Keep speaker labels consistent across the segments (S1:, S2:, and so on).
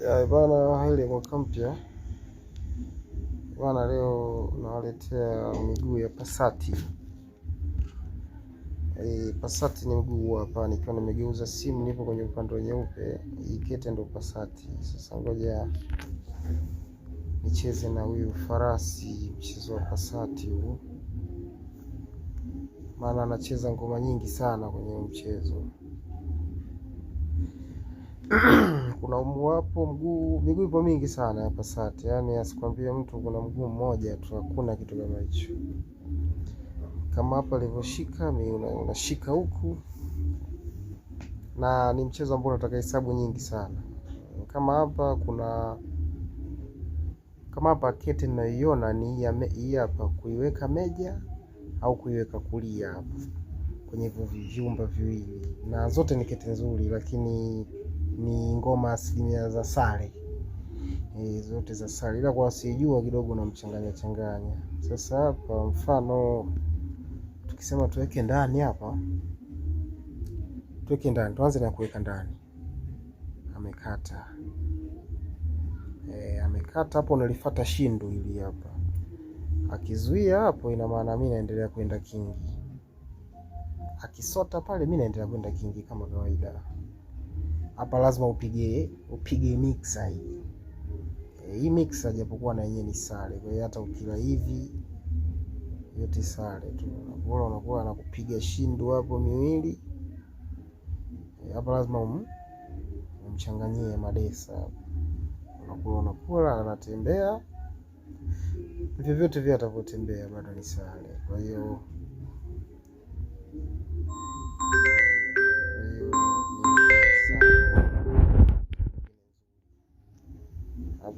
S1: Bana hili mwaka mpya bana, leo nawaletea miguu ya Pasati. E, Pasati ni mguu hapa, nikiwa nimegeuza simu, nipo kwenye upande wa nyeupe, ikete ndo Pasati. Sasa ngoja nicheze na huyu farasi, mchezo wa Pasati huu, maana anacheza ngoma nyingi sana kwenye mchezo kuna umuapo mguu miguu ipo mingi sana hapa Sati, yaani asikwambie mtu kuna mguu mmoja tu, hakuna kitu kama hicho. Kama hapa alivyoshika unashika huku, na ni mchezo ambao unataka hesabu nyingi sana. Kama hapa kuna kama hapa kete ninayoiona ni hii hapa, kuiweka meja au kuiweka kulia hapa kwenye vyumba viwili, na zote ni kete nzuri, lakini ni ngoma asilimia za sare e, zote za sare, ila kwa wasijua kidogo na mchanganya changanya. Sasa hapa mfano tukisema tuweke ndani hapa, tuweke ndani, tuanze na kuweka ndani. Amekata e, amekata hapo, nalifuata shindu hili hapa, akizuia hapo, ina maana mimi naendelea kwenda kingi, akisota pale, mimi naendelea kwenda kingi kama kawaida hapa lazima upige upige mixer eh, hii. E, hii mixer japokuwa na yenyewe ni sare, kwa hiyo hata ukila hivi yote sare tu, bora unakuwa anakupiga shindu hapo miwili eh, hapa. E, lazima um, umchanganyie madesa hapo, unakuwa unakula anatembea vyovyote vile atavyotembea bado ni sare, kwa hiyo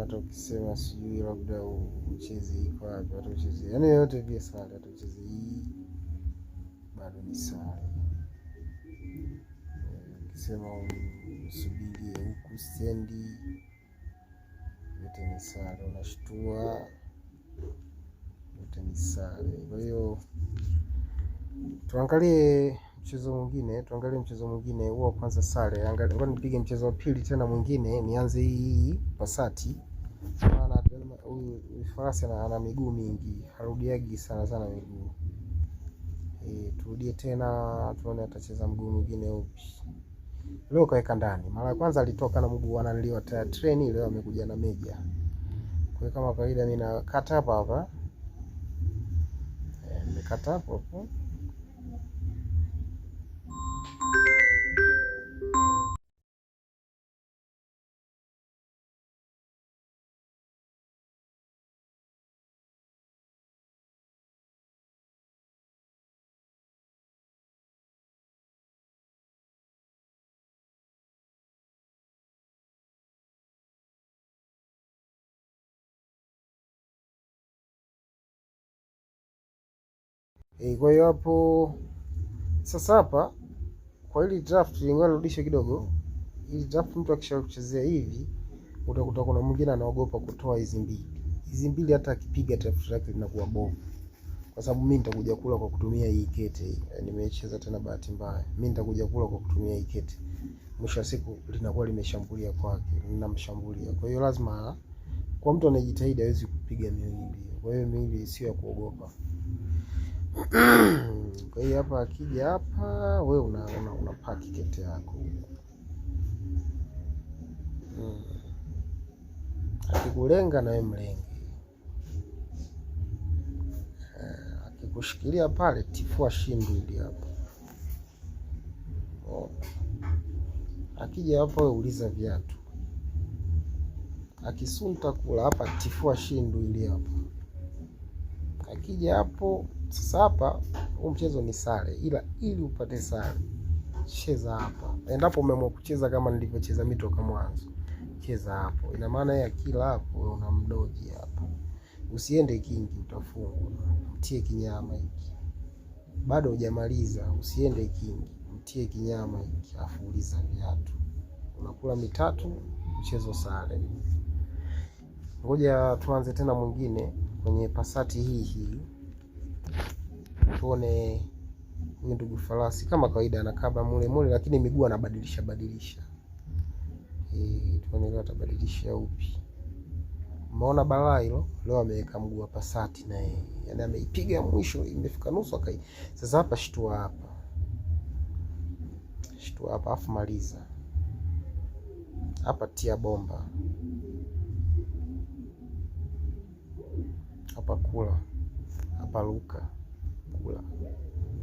S1: hata ukisema sijui labda uchezi iko wapi, hata uchezi yani yote vile sare, hata uchezi hii bado ni sare. Ukisema usubiri huku stendi, yote ni sare, unashtua, yote ni sare. Kwa hiyo tuangalie mchezo mwingine, tuangalie mchezo mwingine huo wa kwanza, sare. Angalia nipige mchezo wa pili tena mwingine, nianze hii Pasati, maana huyu farasi ana miguu mingi, harudiagi sana sana miguu Eh, Turudie tena tuone atacheza mguu mwingine upi. Leo kaweka ndani, mara ya kwanza alitoka na mguu analiliwa tayari treni, leo amekuja na meja. Kwa kama kawaida, mimi nakata hapa hapa, e, nimekata hapo hapo E, kwa hiyo hapo sasa hapa kwa hili draft lingoa nirudishe kidogo. Hili draft mtu akishakuchezea hivi utakuta kuna mwingine anaogopa kutoa hizi mbili. Hizi mbili hata akipiga draft yake linakuwa bomu. Kwa sababu mimi nitakuja kula kwa kutumia hii kete hii. Eh, nimecheza tena bahati mbaya. Mimi nitakuja kula kwa kutumia hii kete. Mwisho wa siku linakuwa limeshambulia kwake, linamshambulia. Kwa hiyo lazima kwa mtu anayejitahidi hawezi kupiga miwili. Kwa hiyo miwili sio ya kuogopa. Kwa hiyo hapa akija hapa, we una, una, una paki kete yako hmm. Akikulenga na wewe mlenge, eh, akikushikilia pale tifua shindu ili hapo oh. Akija hapa we uliza viatu, akisunta kula hapa tifua shindu ili hapo, akija hapo sasa hapa huu mchezo ni sare, ila ili upate sare, cheza hapa. Endapo umeamua kucheza kama nilivyocheza mimi toka mwanzo, cheza hapo. Ina maana ya kila hapo, una mdoji hapo, usiende kingi, utafungwa. Mtie kinyama hiki, bado hujamaliza, usiende kingi, mtie kinyama hiki, afu uliza viatu, unakula mitatu, mchezo sare. Ngoja tuanze tena mwingine kwenye pasati hii hii tuone huyu ndugu farasi kama kawaida anakaba mule mule, lakini miguu anabadilisha badilisha. Eh, tuone atabadilisha upi. Umeona balaa hilo leo, ameweka mguu wa pasati na yeye, yani ameipiga mwisho, imefika nusu akai. Sasa hapa shtua, hapa shtua, hapa afu maliza hapa, tia bomba hapa, kula kuparuka kula.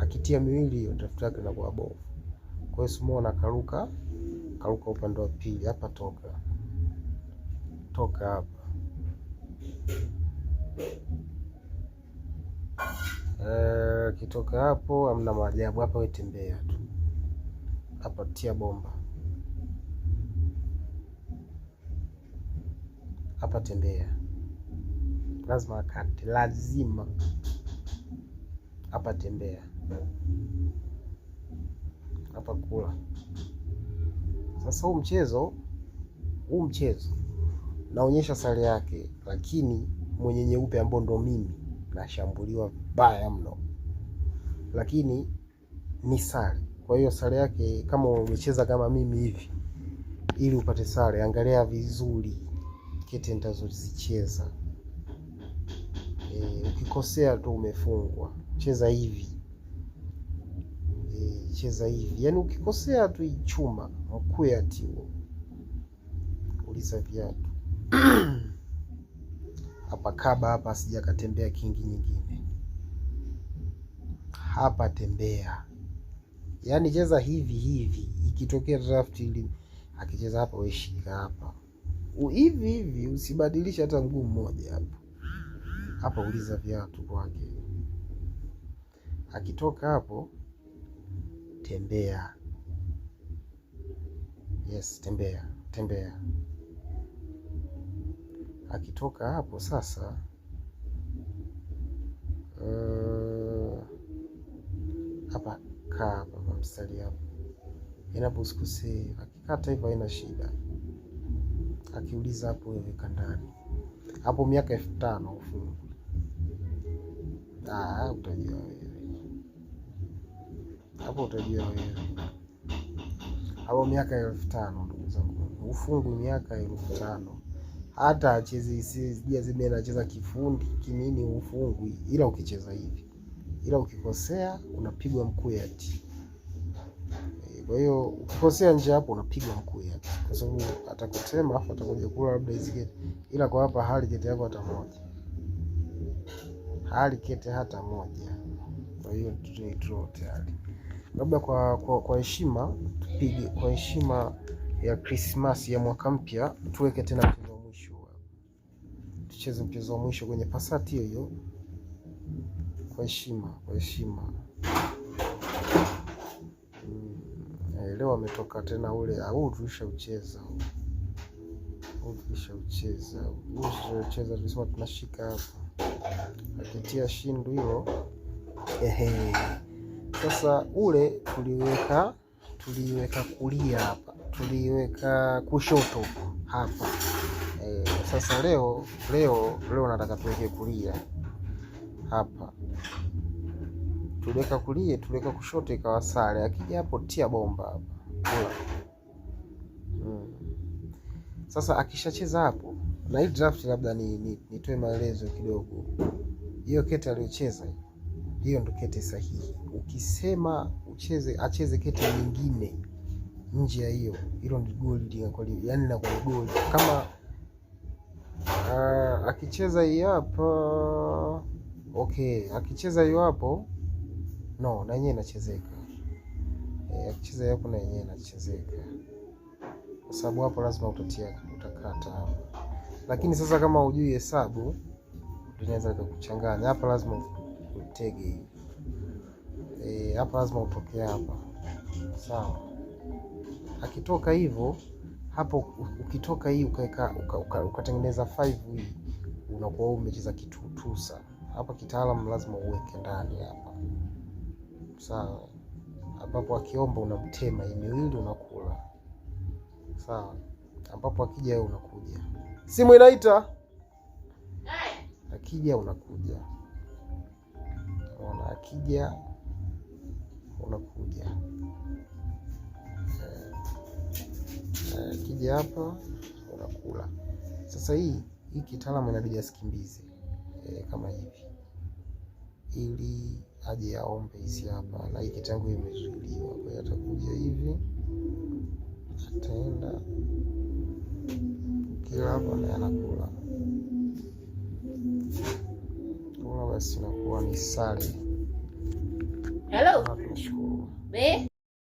S1: Akitia miwili hiyo draft yake inakuwa bovu. Kwa hiyo Simon akaruka, karuka upande wa pili hapa, toka toka hapa Akitoka eh, hapo amna maajabu hapa, we tembea tu hapa, tia bomba hapa, tembea lazima akate, lazima hapa tembea, hapa kula. Sasa huu mchezo huu mchezo naonyesha sare yake, lakini mwenye nyeupe ambao ndo mimi nashambuliwa vibaya mno, lakini ni sare. Kwa hiyo sare yake kama umecheza kama mimi hivi, ili upate sare, angalia vizuri kete nitazozicheza. E, ukikosea tu umefungwa cheza hivi e, cheza hivi. Yani ukikosea tu ichuma mkue atiwo uliza viatu hapa kaba hapa, sija katembea kingi nyingine hapa, tembea yani cheza hivi hivi, ikitokea draft ili akicheza hapa weshika hapa hivi hivi, usibadilisha hata mguu mmoja hapo hapa uliza viatu kwake. Akitoka hapo tembea. Yes, tembea, tembea. Akitoka hapo sasa, eh, hapa kaa hapa kwa mstari hapo, endapo Akikata hivyo haina shida, akiuliza hapo weweka ndani hapo, miaka elfu tano ufungu ah, utajua hapo utajua wewe. Hapo miaka elfu tano ndugu zangu, ufungu miaka elfu tano hata achezi sija zime anacheza kifundi kinini ufungu, ila ukicheza hivi, ila ukikosea unapigwa mkuu mkuyati. Kwa hiyo ukikosea nje hapo unapigwa mkuu mkuyati, kwa sababu atakutema afu atakuja kula labda hizi, ila kwa hapa hali kete yako hata moja, hali kete hata moja. Kwa hiyo tutaitoa tayari labda kwa kwa heshima tupige kwa heshima ya Krismasi ya mwaka mpya, tuweke tena mchezo wa mwisho, tucheze mchezo wa mwisho kwenye pasati hiyo kwa heshima, kwa heshima. Hmm, leo ametoka tena ule au tulisha ucheza tulisha ucheza ucheza, tulisema tunashika hapa akitia shindu hilo ehe sasa ule tuliweka tuliweka kulia hapa, tuliweka kushoto hapa e. Sasa leo leo leo nataka tuweke kulia hapa, tuliweka kulia, tuliweka kushoto ikawa sare. Akija hapo tia bomba hapa hmm. Sasa akishacheza hapo na hii draft, labda nitoe ni, ni maelezo kidogo, hiyo kete aliyocheza hiyo ndo kete sahihi. Ukisema ucheze acheze kete nyingine nje ya hiyo, hilo ni goli, yani yaani na goli kama uh, akicheza hii hapo okay, akicheza hiyo hapo no, na yenyewe inachezeka e, akicheza hapo na yenyewe inachezeka kwa sababu hapo lazima utatia utakata lakini sasa kama hujui hesabu tunaweza kukuchanganya hapa, lazima tegi hii e, hapa lazima utoke hapa, sawa. Akitoka hivyo hapo, ukitoka hii ukaweka ukatengeneza uka, uka 5 hii unakuwa umecheza kitutusa hapa. kitaalam lazima uweke ndani hapa, sawa, ambapo akiomba unamtema hii miwili unakula, sawa, ambapo akija yeye unakuja, simu inaita, akija unakuja ukija unakuja e, kija hapa unakula. Sasa hii hii kitaalamu inabidi asikimbize e, kama hivi ili aje aombe hisi hapa, na hii kitangu imezuiliwa. Kwa hiyo atakuja hivi, ataenda kila hapa na anakula kula, basi nakuwa ni sali
S2: Hello,